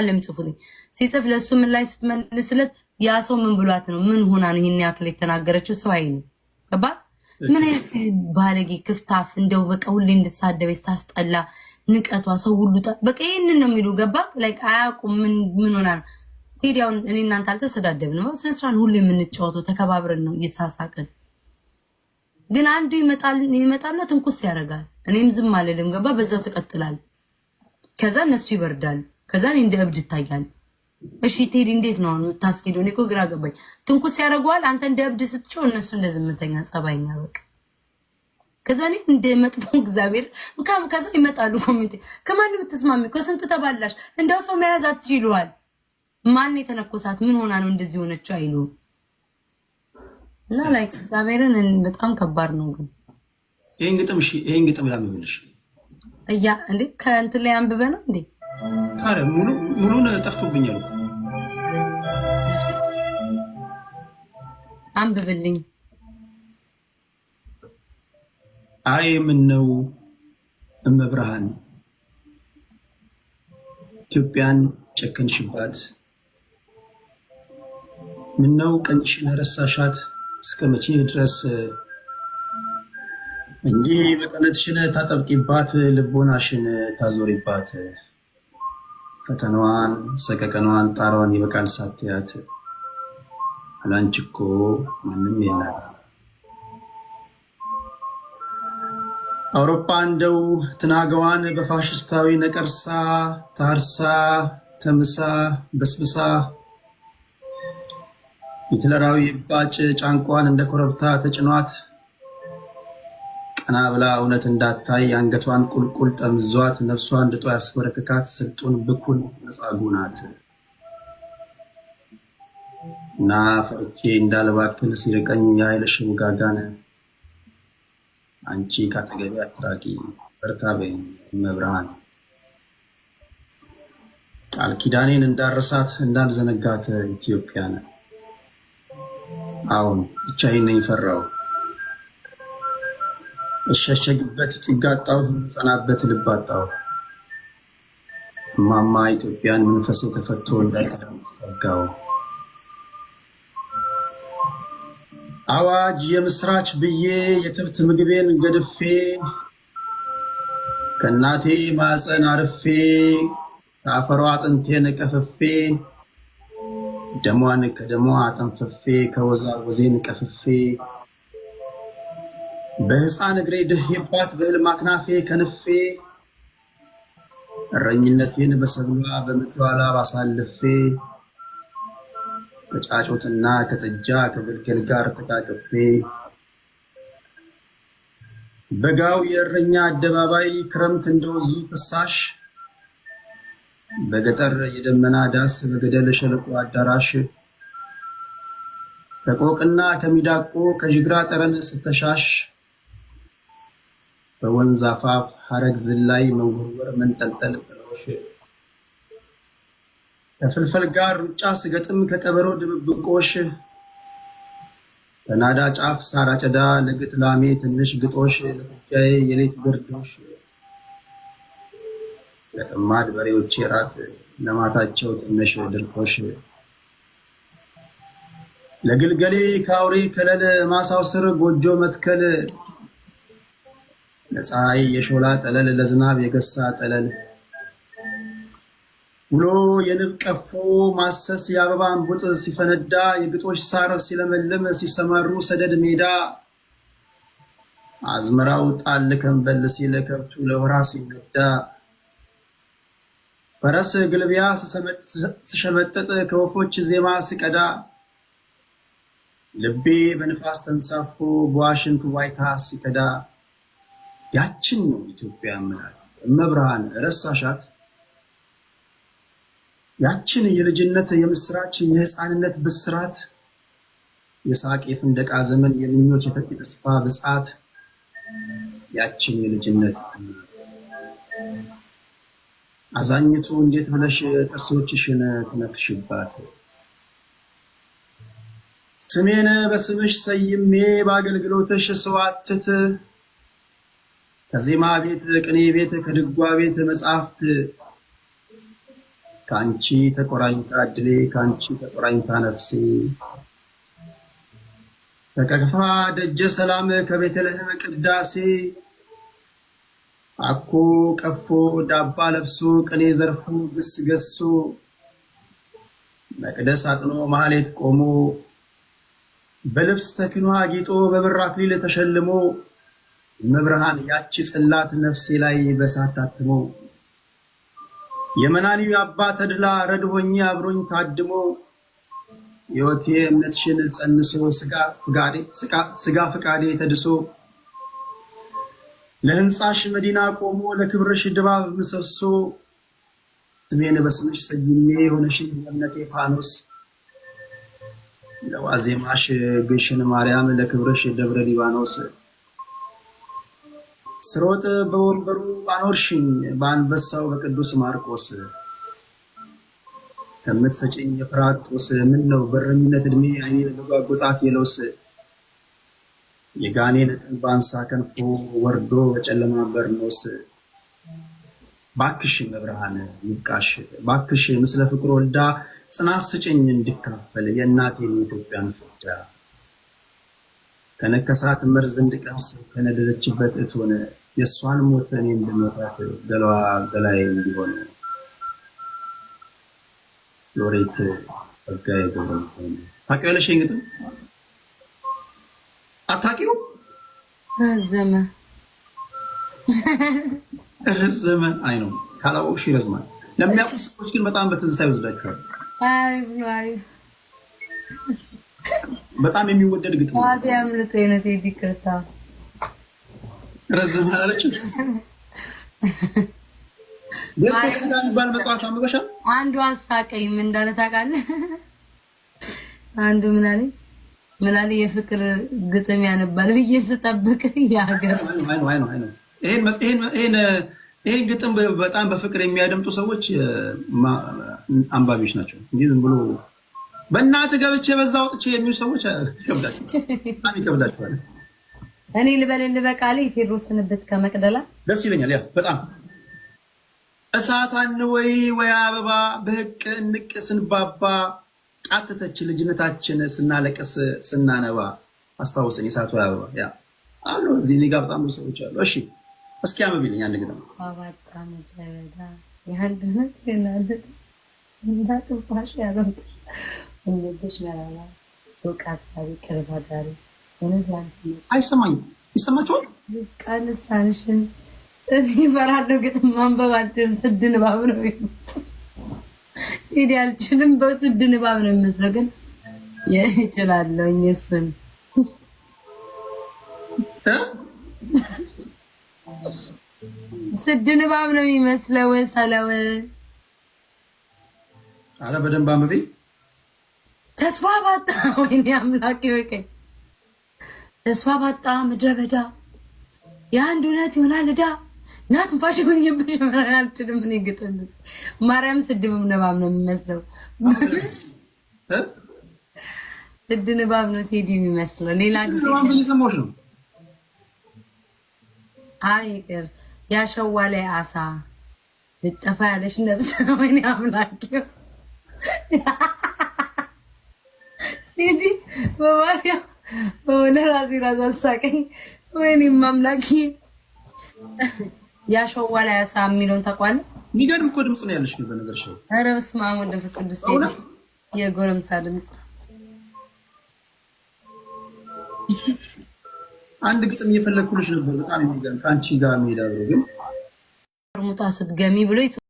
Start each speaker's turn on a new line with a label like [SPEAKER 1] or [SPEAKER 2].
[SPEAKER 1] አለም ጽፉልኝ ሲጽፍ ለሱ ምን ላይ ስትመልስለት ያ ሰው ምን ብሏት ነው ምን ሆና ነው ይሄን ያክል የተናገረችው? ሰው አይኑ ገባት። ምን አይነት ባለጌ ክፍታፍ እንደው በቃ ሁሌ እንድትሳደበች ታስጠላ። ንቀቷ ሰው ሁሉ በቃ ይህንን ነው የሚሉ ገባ። ላይ አያውቁም። ምን ሆና ነው ቴዲ? እኔ እናንተ አልተሰዳደብን ስነስራን ሁሉ የምንጫወተው ተከባብረን ነው እየተሳሳቅን። ግን አንዱ ይመጣና ትንኩስ ያደርጋል። እኔም ዝም አልልም ገባ። በዛው ትቀጥላል። ከዛ እነሱ ይበርዳል። ከዛ እንደ እብድ ይታያል። እሺ ቴዲ እንዴት ነው ታስኬዶ? እኔ እኮ ግራ ገባኝ። ትንኩስ ያደርገዋል። አንተ እንደ እብድ ስትጮህ፣ እነሱ እንደ ዝምተኛ ጸባይኛ በቃ ከዛ እኔ እንደ መጥፎ እግዚአብሔር ምካም ከዛ ይመጣሉ። ኮሚቴ ከማንም የምትስማሚ ከስንቱ ተባላሽ እንደው ሰው መያዝ አትችሉዋል። ማን የተነኮሳት ምን ሆና ነው እንደዚህ ሆነችው አይሉ እና ላይክ እግዚአብሔርን በጣም ከባድ ነው። ግን
[SPEAKER 2] ይሄን ግጥም እሺ፣ ይሄን ግጥም ላምብልሽ
[SPEAKER 1] እያ እንዴ ከእንትን ላይ አንብበ ነው እንዴ
[SPEAKER 2] አረ ሙሉ ሙሉን ጠፍቶብኛል። አንብብልኝ። አይ ምን ነው እመብርሃን ኢትዮጵያን ጨከንሽባት፣ ምነው ቀንሽን ረሳሻት? እስከ መቼ ድረስ እንዲህ በቀለትሽን ታጠብቂባት፣ ልቦናሽን ታዞሪባት? ፈተናዋን፣ ሰቀቀኗን፣ ጣራዋን ይበቃል ሳትያት አላንቺ እኮ ማንም የለ አውሮፓ እንደው ትናገዋን በፋሽስታዊ ነቀርሳ ታርሳ ተምሳ በስብሳ ሂትለራዊ ባጭ ጫንቋን እንደ ኮረብታ ተጭኗት ቀና ብላ እውነት እንዳታይ አንገቷን ቁልቁል ጠምዟት ነፍሷን ድጦ ያስበረክካት ስልጡን ብኩን መጻጉ ናት እና ፈርቼ እንዳልባክል ሲርቀኝ የኃይል ሽምጋጋን አንቺ ካጠገቢ አትራቂ፣ በርታ መብርሃን ቃል ኪዳኔን እንዳረሳት እንዳልዘነጋት ኢትዮጵያን አሁን ብቻዬን ነኝ ፈራው እሸሸግበት ጥጋጣው አጣሁ፣ ጸናበት ልብ ኢትዮጵያን መንፈስ ተፈቶ እንዳይሰጋው አዋጅ የምስራች ብዬ የትብት ምግቤን ገድፌ ከእናቴ ማፀን አርፌ ከአፈሯ አጥንቴን ቀፍፌ ደሟን ከደሟ አጠንፍፌ ከወዛወዜን ቀፍፌ በህፃን እግሬ ድሄባት በሕልም አክናፌ ከንፌ እረኝነቴን በሰብሏ በምትዋላ ባሳልፌ አሳልፌ ከጫጩትና ከጥጃ ከግልገል ጋር ተቃቅፌ በጋው የእረኛ አደባባይ ክረምት እንደወዙ ፍሳሽ በገጠር የደመና ዳስ በገደል ሸለቆ አዳራሽ ከቆቅና ከሚዳቆ ከዥግራ ጠረን ስተሻሽ በወንዝ አፋፍ ሐረግ ዝላይ መወርወር መንጠልጠል ጥሎሽ ከፍልፈል ጋር ሩጫ ስገጥም ከቀበሮ ድብብቆሽ ተናዳ ጫፍ ሳር አጨዳ ለግጥ ላሜ ትንሽ ግጦሽ ለጉዳዬ የሌት ብርዶሽ ለጥማድ በሬዎቼ ራት ለማታቸው ትንሽ ድርቆሽ ለግልገሌ ከአውሬ ከለል ማሳው ስር ጎጆ መትከል ለፀሐይ የሾላ ጠለል፣ ለዝናብ የገሳ ጠለል ውሎ የንብ ቀፎ ማሰስ የአበባ እንቡጥ ሲፈነዳ የግጦሽ ሳር ሲለመልም ሲሰማሩ ሰደድ ሜዳ አዝመራው ጣል ከንበል ሲል ከብቱ ለወራ ሲነዳ ፈረስ ግልቢያ ስሸመጠጥ ከወፎች ዜማ ስቀዳ ልቤ በንፋስ ተንሳፎ በዋሽንት ዋይታ ሲከዳ ያችን ነው ኢትዮጵያ ምናል እመብርሃን ረሳሻት? ያችን የልጅነት የምስራች የህፃንነት ብስራት የሳቅ የፍንደቃ ዘመን የምኞች ስፋ ብጻት ያችን የልጅነት አዛኝቱ እንዴት ብለሽ ጥርሶችሽን ትነክሽባት? ስሜን በስምሽ ሰይሜ በአገልግሎትሽ ሰዋትት ከዜማ ቤት፣ ቅኔ ቤት፣ ከድጓ ቤት መጽሐፍት ከአንቺ ተቆራኝታ እድሌ፣ ከአንቺ ተቆራኝታ ነፍሴ ተቀፋ ደጀ ሰላም፣ ከቤተልሔም ቅዳሴ አኮ ቀፎ ዳባ ለብሶ ቅኔ ዘርፎ ግስ ገሶ መቅደስ አጥኖ ማህሌት ቆሞ በልብስ ተክህኖ አጊጦ በብር አክሊል ተሸልሞ መብርሃን ያቺ ጽላት ነፍሴ ላይ በሳት ታትሞ! የመናኒው አባ ተድላ ረድሆኝ አብሮኝ ታድሞ ሕይወቴ እምነትሽን ጸንሶ ስጋ ፍቃዴ ተድሶ ለህንፃሽ መዲና ቆሞ ለክብርሽ ድባብ ምሰሶ ስሜን በስምሽ ሰይሜ የሆነሽ የእምነቴ ፋኖስ ለዋዜማሽ ግሽን ማርያም ለክብርሽ ደብረ ሊባኖስ ስሮጥ በወንበሩ አኖርሽኝ በአንበሳው በቅዱስ ማርቆስ ከምትሰጪኝ የፍርሃት ጦስ ምን ነው በረኝነት እድሜ አይኔ በጓጉጣት የለውስ የጋኔን ጥን በአንሳ ከንፎ ወርዶ በጨለማ በርኖስ ባክሽ መብርሃን ይብቃሽ ባክሽ ምስለ ፍቅር ወልዳ ጽናት ስጭኝ እንድካፈል የእናቴን የኢትዮጵያን ፍዳ ከነከሳት መርዝ እንድቀምስ ከነደደችበት እትሆነ የእሷን ሞት እኔ እንድመታት ገለዋ በላይ እንዲሆነ ሎሬት ጸጋዬ ገብረ መድኅን ታውቂዋለሽ? እንግዲህ አታውቂው። ረዘመ ረዘመ። አይ ነው ካላወቅሽ ይረዝማል። ለሚያውቁ ሰዎች ግን በጣም በትዝታ ይወስዳቸዋል። በጣም የሚወደድ ግጥም
[SPEAKER 1] ነው። ዋዲ አምልቶ የነቴ ይቅርታ
[SPEAKER 2] ረዝም አላለች። የሚባል መጽሐፍ አንብበሻል?
[SPEAKER 1] አንዱ አሳቀኝ ምን እንዳለ ታውቃለህ? አንዱ ምን አለ ምን አለ የፍቅር ግጥም ያነባል ብዬ ስጠብቅ የሀገር
[SPEAKER 2] ይሄን ግጥም በጣም በፍቅር የሚያደምጡ ሰዎች አንባቢዎች ናቸው እንጂ ዝም ብሎ በእናት ገብቼ በዛ ወጥቼ የሚሉ ሰዎች በጣም ይከብዳቸዋል።
[SPEAKER 1] እኔ ልበል ልበቃ ላይ ስንብት ከመቅደላ
[SPEAKER 2] ደስ ይለኛል። ያ በጣም እሳታን ወይ ወይ አበባ በህቅ እንቅ ስንባባ ቃተተች ልጅነታችን ስናለቅስ ስናነባ አስታውሰኝ እሳት ወይ አበባ ያ አሉ። እዚህ እኔ ጋር በጣም ሰዎች አሉ። እሺ እስኪ አመብ ይለኝ አንድ ግጥም
[SPEAKER 1] ያንድነት ናት እንዳጥፋሽ ያረምጣል ስሜቶች መራራ፣ ሩቅ አሳቢ፣ ቅርብ አዳሪ
[SPEAKER 2] አይሰማኝም። ይሰማችኋል?
[SPEAKER 1] ቃል ሳንሽን እፈራለሁ። ግጥም ማንበብ አልችልም። ስድ ንባብ ነው ሄድ አልችልም። በስድ ንባብ ነው የምመስለው፣ ግን ይችላለሁ። እሱን ስድ ንባብ ነው የሚመስለው ሰለው
[SPEAKER 2] አረ በደንብ አንብቤ
[SPEAKER 1] ተስፋ ባጣ ወይኔ አምላክ ይወቀኝ። ተስፋ ባጣ ምድረ በዳ የአንድ እውነት ይሆናል እዳ እና ትንፋሽ ሆኝብሽ አልችልም። ምን ይግጥም ማርያም ስድብም ንባብ ነው የሚመስለው። ስድ ንባብ ነው ቴዲ የሚመስለው። ሌላ ጊዜ አይ ቅር ያሸዋ ላይ አሳ ልጠፋ ያለሽ ነብሰ ወይኔ አምላክ ሄጂ በማርያም በሆነ ራሴ ራሱ አሳቀኝ። ወይኔ አምላኬ ያሸዋ ላይ አሳ የሚለውን ታውቀዋለህ?
[SPEAKER 2] የሚገርም እኮ ድምፅ ነው ያለሽ ነው በነገርሽ።
[SPEAKER 1] ኧረ በስመ አብ ወመንፈስ ቅዱስ የጎረምሳ ድምፅ።
[SPEAKER 2] አንድ ግጥም እየፈለግኩልሽ ነበር። በጣም የሚገርም ከአንቺ ጋር መሄድ ግን ሙታ ስትገሚ ብሎ